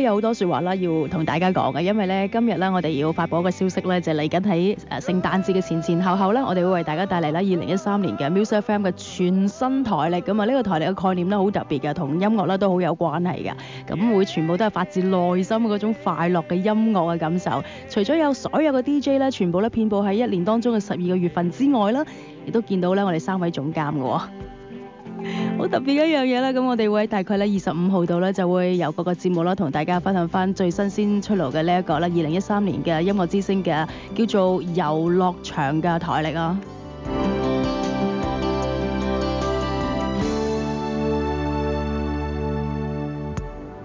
有好多説話啦，要同大家講嘅，因為咧今日咧我哋要發佈一個消息咧，就嚟緊喺誒聖誕節嘅前前後後咧，我哋會為大家帶嚟啦2013年嘅 Music FM 嘅全新台曆咁啊！呢、呢個台曆嘅概念咧好特別嘅，同音樂咧都好有關係嘅，咁會全部都係發自內心嘅嗰種快樂嘅音樂嘅感受。除咗有所有嘅 DJ 咧，全部咧遍布喺一年當中嘅十二個月份之外啦，亦都見到咧我哋三位總監喎。好特別嘅一樣嘢啦，咁我哋會喺大概呢二十五號度呢，就會有各個節目啦，同大家分享翻，最新鮮出爐嘅呢一個啦，二零一三年嘅音樂之星嘅叫做遊樂場嘅台曆啊。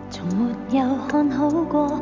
從沒有看好過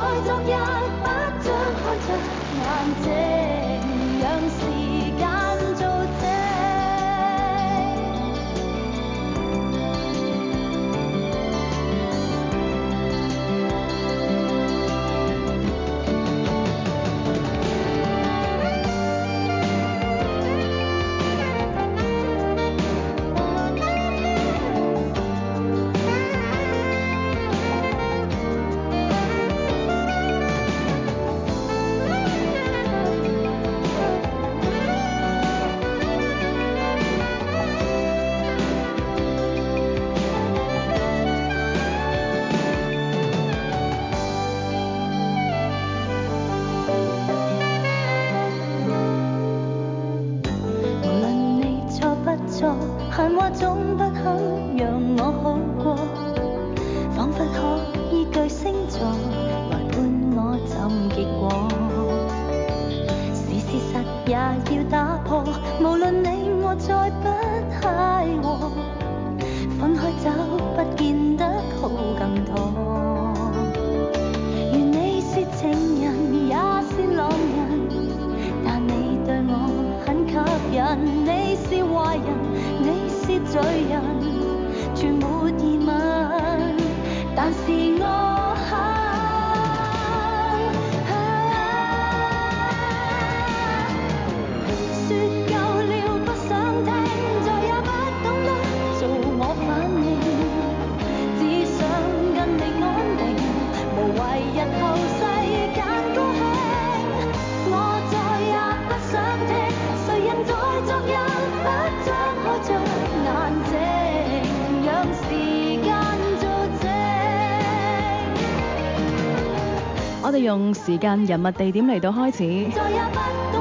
用時間、人物、地點嚟到開始，繼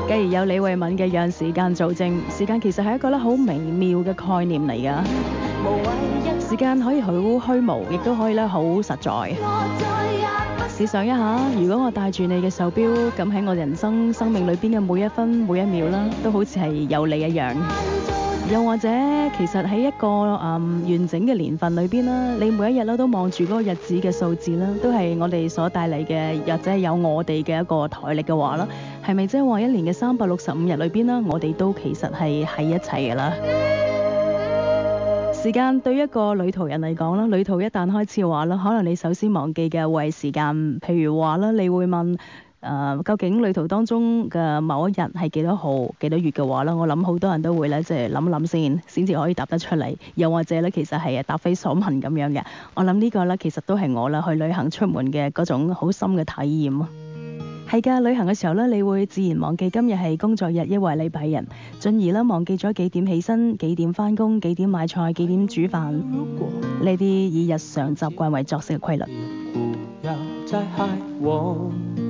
而有李慧敏嘅讓時間做證。時間其實係一個咧好微妙嘅概念嚟噶，時間可以好虛無，亦都可以咧好實在。試想一下，如果我戴住你嘅手表，咁喺我人生生命裏邊嘅每一分每一秒啦，都好似係有你一樣。又或者，其實喺一個、嗯、完整嘅年份裏面，你每一日都望住嗰個日子嘅數字，都係我哋所帶嚟嘅，或者係有我哋嘅一個台曆嘅話啦，係咪即係話一年嘅三百六十五日裏面，我哋都其實係喺一齊嘅啦。時間對一個旅途人嚟講，旅途一旦開始的話啦，可能你首先忘記嘅會係時間，譬如話，你會問。呃，究竟旅途當中嘅某一日係幾多號、幾多月嘅話呢，我諗好多人都會呢，即係諗一諗先，先至可以答得出嚟。又或者呢，其實係答非所問咁樣嘅。我諗呢個呢，其實都係我啦，去旅行出門嘅嗰種好深嘅體驗咯。係噶，旅行嘅時候呢，你會自然忘記今日係工作日抑或禮拜日，進而呢忘記咗幾點起身、幾點翻工、幾點買菜、幾點煮飯呢啲以日常習慣為作息嘅規律。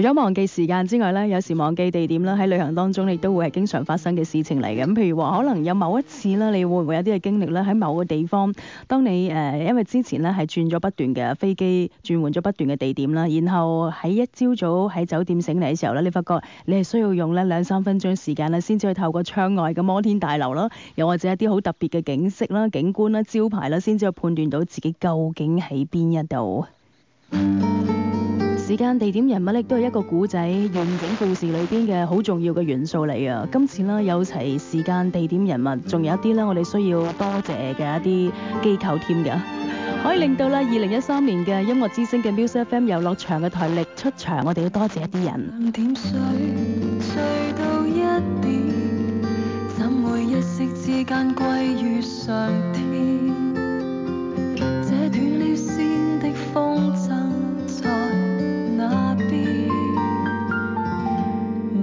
除咗忘記時間之外咧，有時忘記地點啦，喺旅行當中，你都會係經常發生嘅事情嚟嘅。咁譬如話，可能有某一次啦，你會唔會有啲嘅經歷咧？喺某個地方，當你誒、呃、因為之前咧係轉咗不斷嘅飛機，轉換咗不斷嘅地點啦，然後喺一朝早喺酒店醒嚟嘅時候咧，你發覺你係需要用咧兩三分鐘時間咧，先至去透過窗外嘅摩天大樓啦，又或者一啲好特別嘅景色啦、景觀啦、招牌啦，先至去判斷到自己究竟喺邊一度。時間、地點、人物亦都係一個古仔完整故事裏面嘅好重要嘅元素嚟啊。今次咧有齊時間、地點、人物，仲有一啲呢，我哋需要多謝嘅一啲機構添㗎，可以令到啦二零一三年嘅音樂之星嘅 Music FM 遊樂場嘅台曆出場，我哋都要多謝一啲人。兩點水睡到一點一息之間貴於上天。這斷了線的風箏在。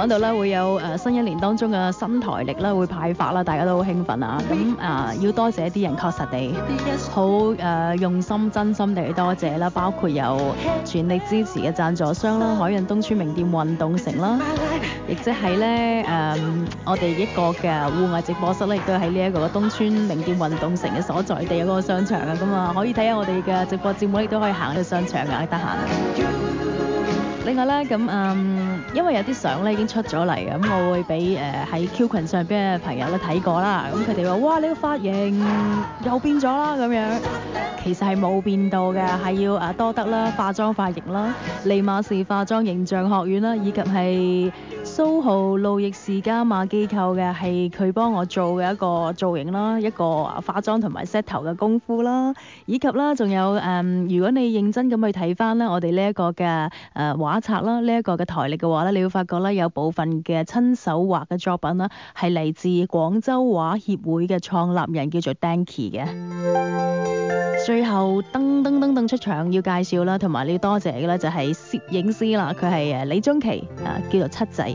講到咧，會有誒新一年當中嘅新台曆啦，會派發啦，大家都好興奮啊！咁啊、呃，要多謝一啲人，確實地好誒、呃、用心、真心地去多謝啦，包括有全力支持嘅贊助商啦，海印東村名店運動城啦，亦即係咧誒，我哋一個嘅戶外直播室咧，亦都喺呢一個嘅東村名店運動城嘅所在地嗰個商場啊，咁啊，可以睇下我哋嘅直播節目，亦都可以行去商場噶，得閒。另外咧，咁嗯，因為有啲相咧已經出咗嚟，咁我會俾誒喺 Q 群上邊嘅朋友都睇過啦。咁佢哋話：哇，你個髮型又變咗啦咁樣。其實係冇變到嘅，係要誒多得啦化妝髮型啦，利馬士化妝形象學院啦，以及係，蘇豪路易士加馬機構嘅係佢幫我做嘅一個造型啦，一個化妝同埋 set 頭嘅功夫啦，以及啦仲有、嗯、如果你認真咁去睇返我哋呢一個嘅誒畫冊啦，呢一個嘅台曆嘅話，你要發覺有部分嘅親手畫嘅作品啦，係嚟自廣州畫協會嘅創立人叫做 Dankie 嘅。最後噔噔噔噔出場要介紹啦，同埋你要多謝嘅呢就係攝影師啦，佢係李宗棋啊，叫做七仔。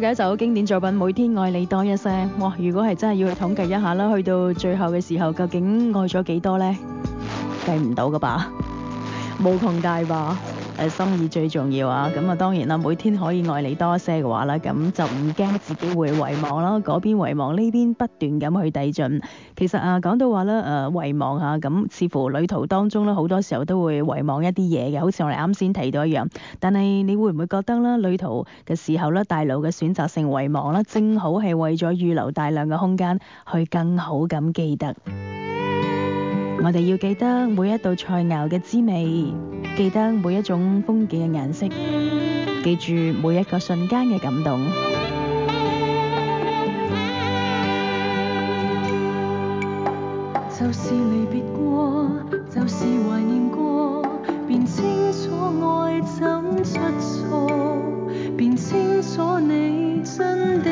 有一首經典作品，每天愛你多一些。哇！如果係真係要去統計一下啦，去到最後嘅時候，究竟愛咗幾多咧？計唔到噶吧，無窮大吧。誒、呃、心意最重要啊！咁啊，當然啦，每天可以愛你多些嘅話啦，咁就唔驚自己會遺忘啦。嗰邊遺忘，呢邊不斷咁去遞進，其實啊，講到話咧，誒、呃、遺忘啊，咁似乎旅途當中咧，好多時候都會遺忘一啲嘢嘅，好似我哋啱先提到一樣。但係你會唔會覺得咧，旅途嘅時候咧，大腦嘅選擇性遺忘啦，正好係為咗預留大量嘅空間去更好咁記得。我哋要記得每一道菜餚嘅滋味，記得每一種風景嘅顏色，記住每一個瞬間嘅感動。就是離別過，就是懷念過，便清楚愛怎出錯，便清楚你真的。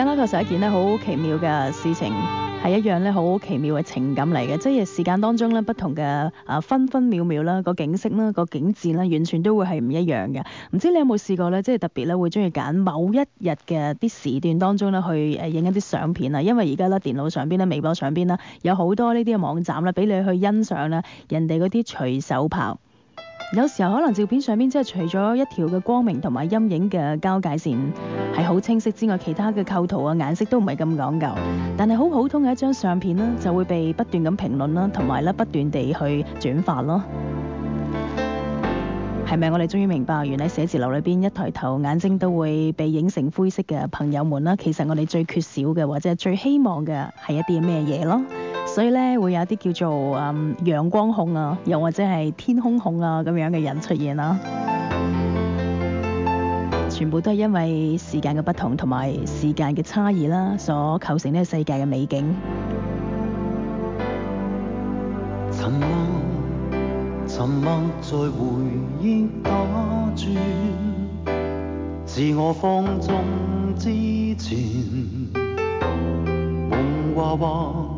而家咧確實係一件咧好奇妙嘅事情，係一樣咧好奇妙嘅情感嚟嘅。即係時間當中咧，不同嘅啊分分秒秒啦，個景色啦，個景緻啦，完全都會係唔一樣嘅。唔知你有冇試過咧？即係特別咧，會中意揀某一日嘅啲時段當中咧去誒影一啲相片啊。因為而家咧電腦上邊咧、微博上邊啦，有好多呢啲嘅網站啦，俾你去欣賞啦，人哋嗰啲隨手拍。有時候可能照片上面，即係除咗一條嘅光明同埋陰影嘅交界線係好清晰之外，其他嘅構圖啊、顏色都唔係咁講究。但係好普通嘅一張相片啦，就會被不斷咁評論啦，同埋不斷地去轉發咯。係咪我哋終於明白，原來寫字樓裏邊一抬頭，眼睛都會被影成灰色嘅朋友們啦？其實我哋最缺少嘅，或者最希望嘅係一啲咩嘢咯？所以咧會有啲叫做誒、嗯、陽光控啊，又或者係天空控啊咁樣嘅人出現啦、啊。全部都係因為時間嘅不同同埋時間嘅差異啦、啊，所構成呢個世界嘅美景。沉默，沉默在回憶打轉，自我放縱之前，夢話話。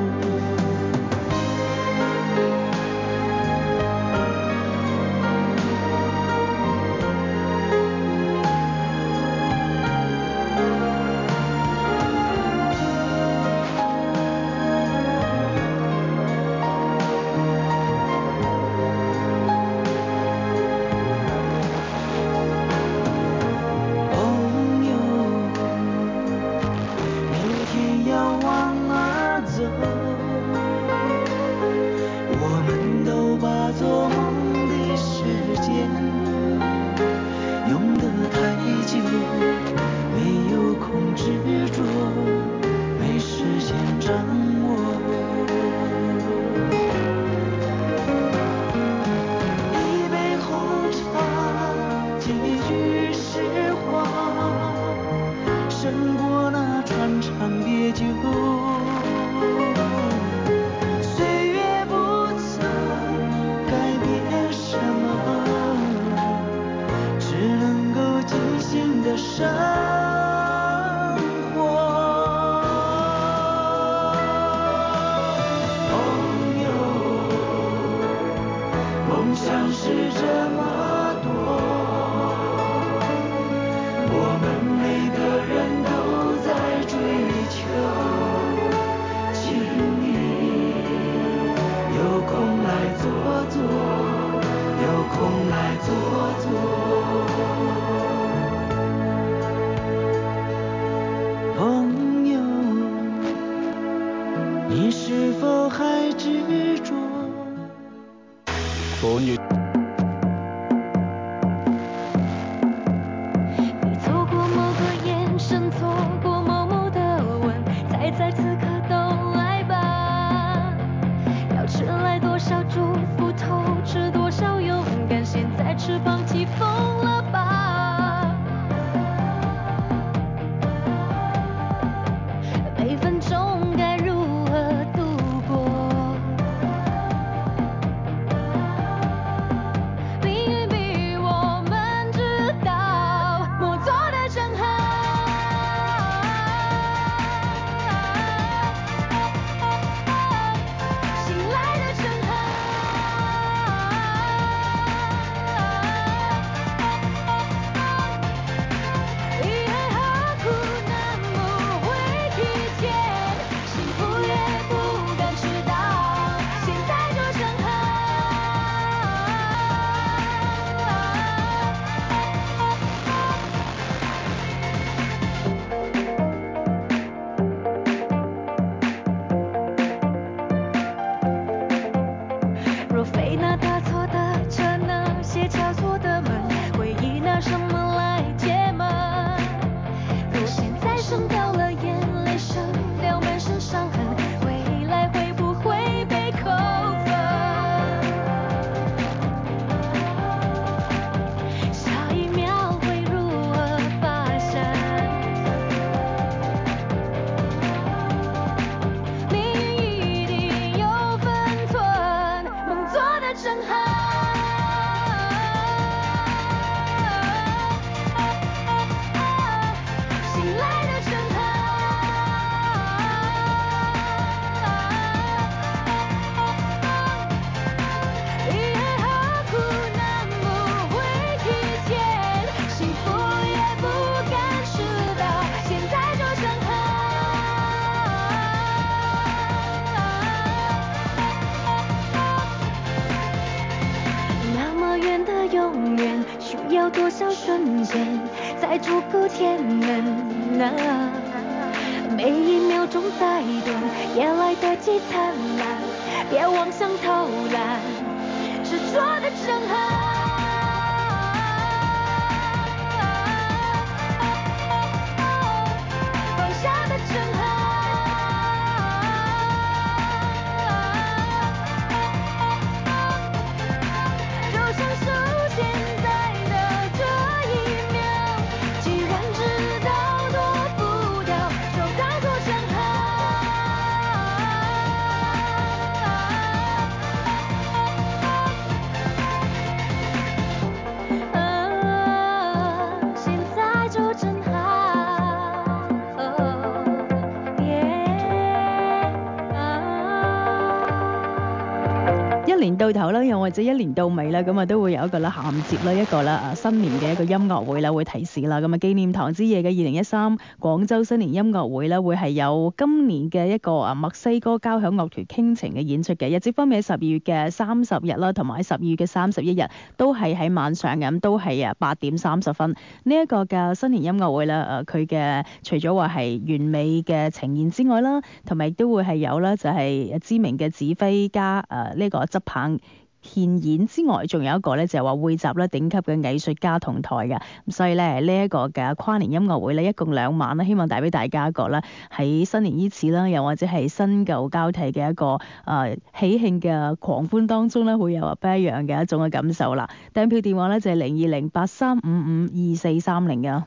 或者一年到尾啦，咁啊都會有一個啦，銜接啦一個啦啊新年嘅一個音樂會啦，會提示啦。咁啊紀念堂之夜嘅二零一三廣州新年音樂會咧，會係有今年嘅一個啊墨西哥交響樂團傾情嘅演出嘅。日子分別喺十二月嘅三十日啦，同埋喺十二月嘅三十一日，都係喺晚上嘅，都係啊八點三十分。呢、這、一個嘅新年音樂會咧，誒佢嘅除咗話係完美嘅呈現之外啦，同埋都會係有啦，就係知名嘅指揮家誒呢、這個執棒。獻演之外，仲有一個咧，就係話匯集咧頂級嘅藝術家同台㗎，咁所以咧呢一個嘅跨年音樂會咧，一共兩晚啦，希望帶俾大家一個咧喺新年伊始啦，又或者係新舊交替嘅一個誒喜慶嘅狂歡當中咧，會有不一樣嘅一種嘅感受啦。訂票電話咧就係零二零八三五五二四三零㗎。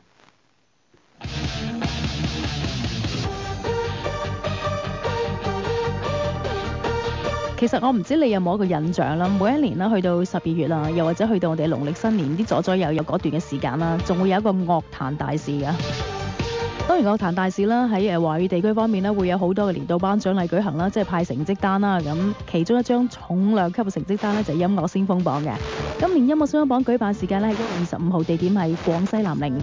其實我唔知你有冇一個印象啦，每一年啦去到十二月啦，又或者去到我哋農曆新年啲左左右右嗰段嘅時間啦，仲會有一個樂壇大事嘅。當然樂壇大事啦，喺誒華語地區方面咧，會有好多嘅年度頒獎禮舉行啦，即係派成績單啦咁。其中一張重量級嘅成績單咧，就係音樂先鋒榜嘅。今年音樂先鋒榜舉辦時間咧係一月二十五號，地點係廣西南寧。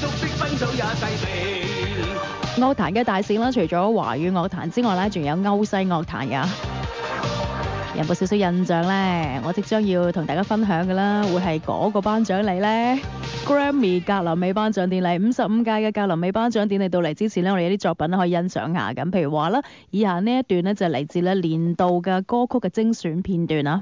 樂壇嘅大事啦，除咗華語樂壇之外咧，仲有歐西樂壇啊，有冇少少印象咧？我即將要同大家分享嘅啦，會係嗰個頒獎禮咧？Grammy 格林美頒獎典禮，五十五屆嘅格林美頒獎典禮到嚟之前呢，我哋有啲作品可以欣賞下。咁，譬如話啦，以下呢一段呢，就係嚟自，咧年度嘅歌曲嘅精選片段啊。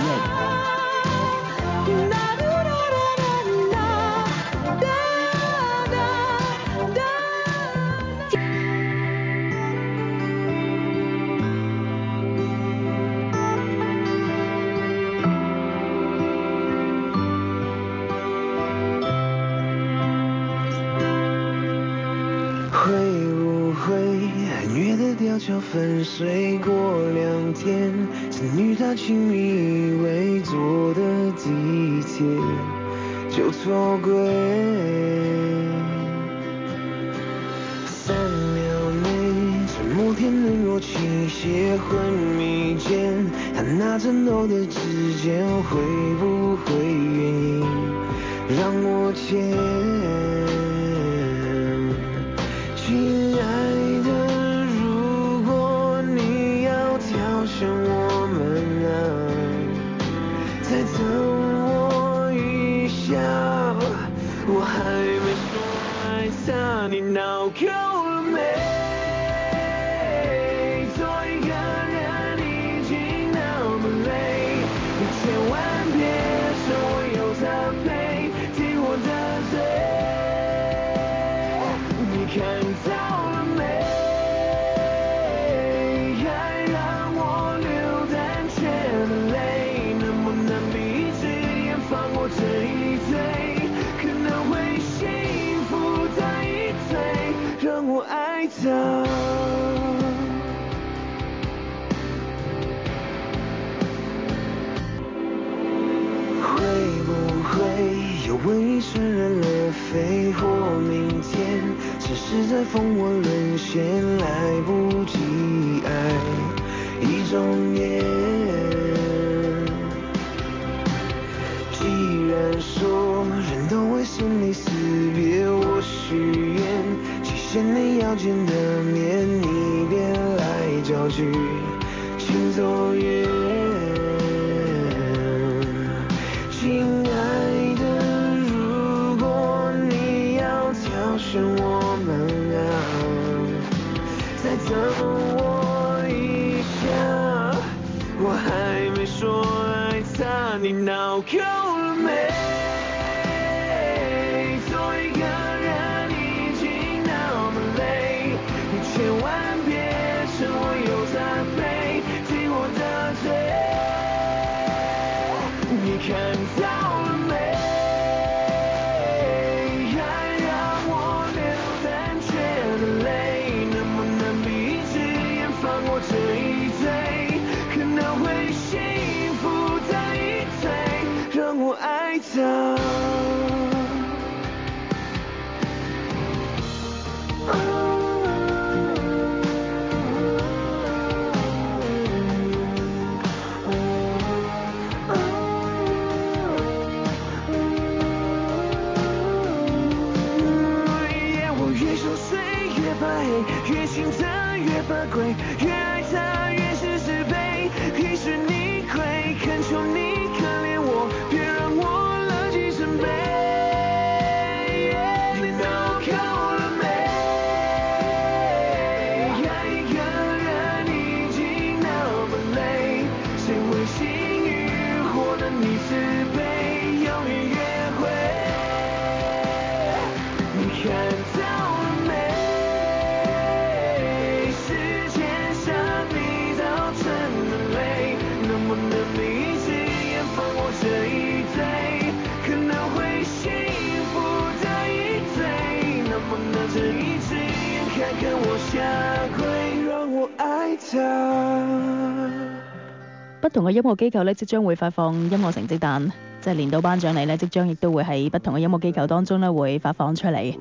不同嘅音樂機構咧，即將會發放音樂成績單，即、就、係、是、年度頒獎禮咧，即將亦都會喺不同嘅音樂機構當中咧，會發放出嚟。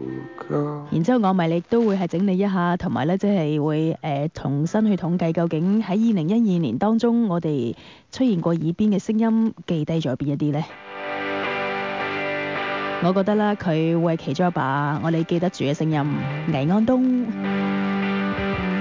Okay. 然之後我咪亦都會係整理一下，呃、同埋咧即係會誒重新去統計，究竟喺二零一二年當中，我哋出現過耳邊嘅聲音，記低咗邊一啲咧？我覺得咧，佢會係其中一把我哋記得住嘅聲音，倪安東。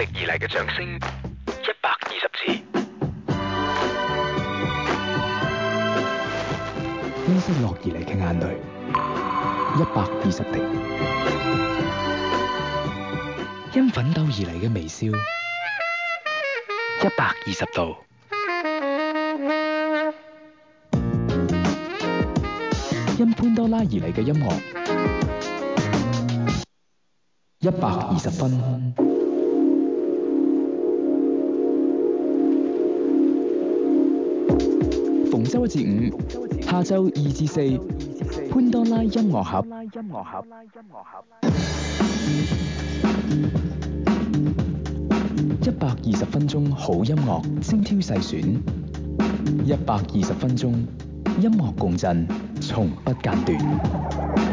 因力而嚟嘅掌聲，一百二十次；因失落而嚟嘅眼淚，一百二十滴；因奮鬥而嚟嘅微笑，一百二十度；因潘多拉而嚟嘅音樂，一百二十分。周一至五，下晝二至四，潘多拉音樂盒，一百二十分鐘好音樂，精挑細選，一百二十分鐘音樂共振，從不間斷。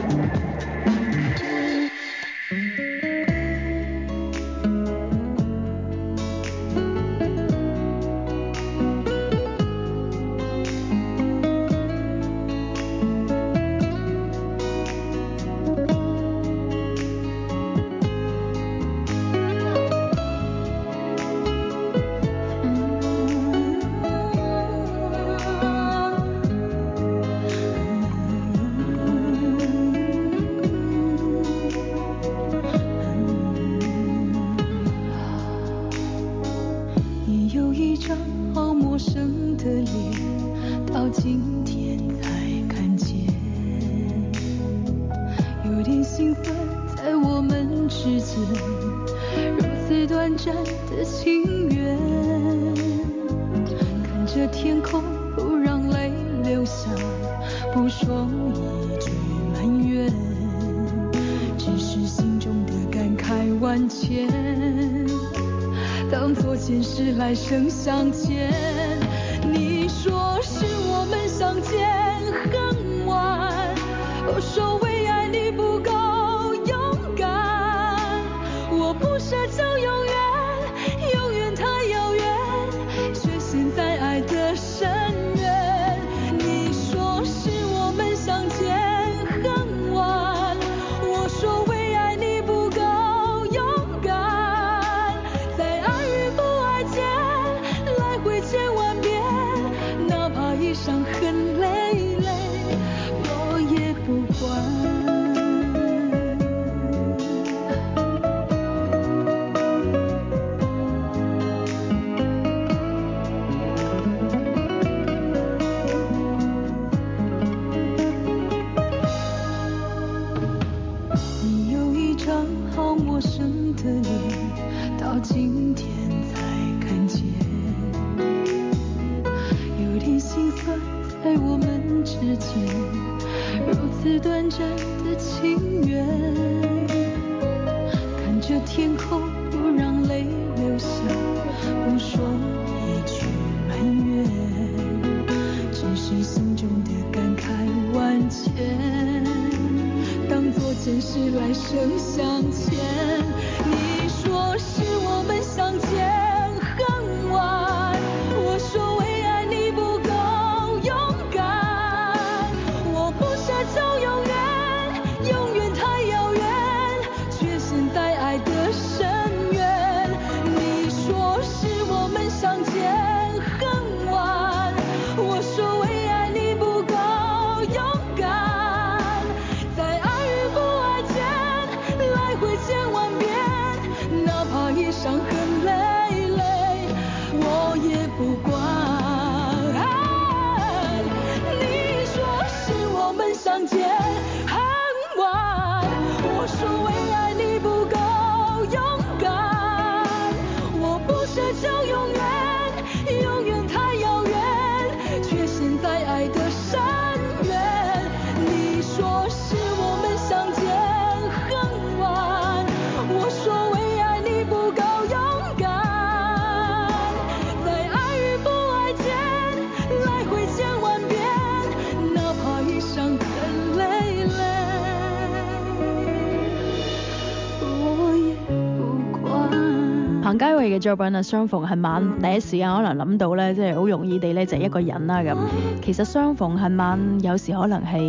嘅作品啊，相逢恨晚，第一時間可能諗到咧，即係好容易地咧，就係一個人啦咁。其實相逢恨晚有時可能係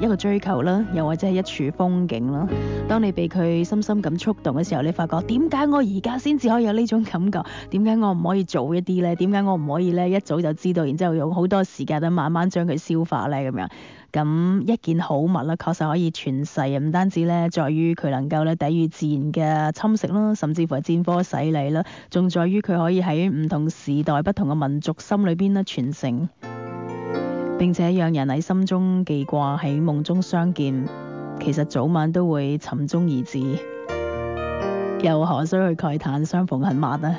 一個追求啦，又或者係一處風景啦。當你被佢深深咁觸動嘅時候，你發覺點解我而家先至可以有呢種感覺？點解我唔可以早一啲咧？點解我唔可以咧一早就知道，然之後用好多時間咧慢慢將佢消化咧咁樣？咁一件好物啦，確實可以傳世，唔單止呢，在於佢能夠咧抵禦自然嘅侵蝕啦，甚至乎係戰火洗禮啦，仲在於佢可以喺唔同時代、不同嘅民族心裏邊咧傳承，並且讓人喺心中記掛，喺夢中相見，其實早晚都會尋蹤而至，又何須去慨嘆相逢恨晚啊？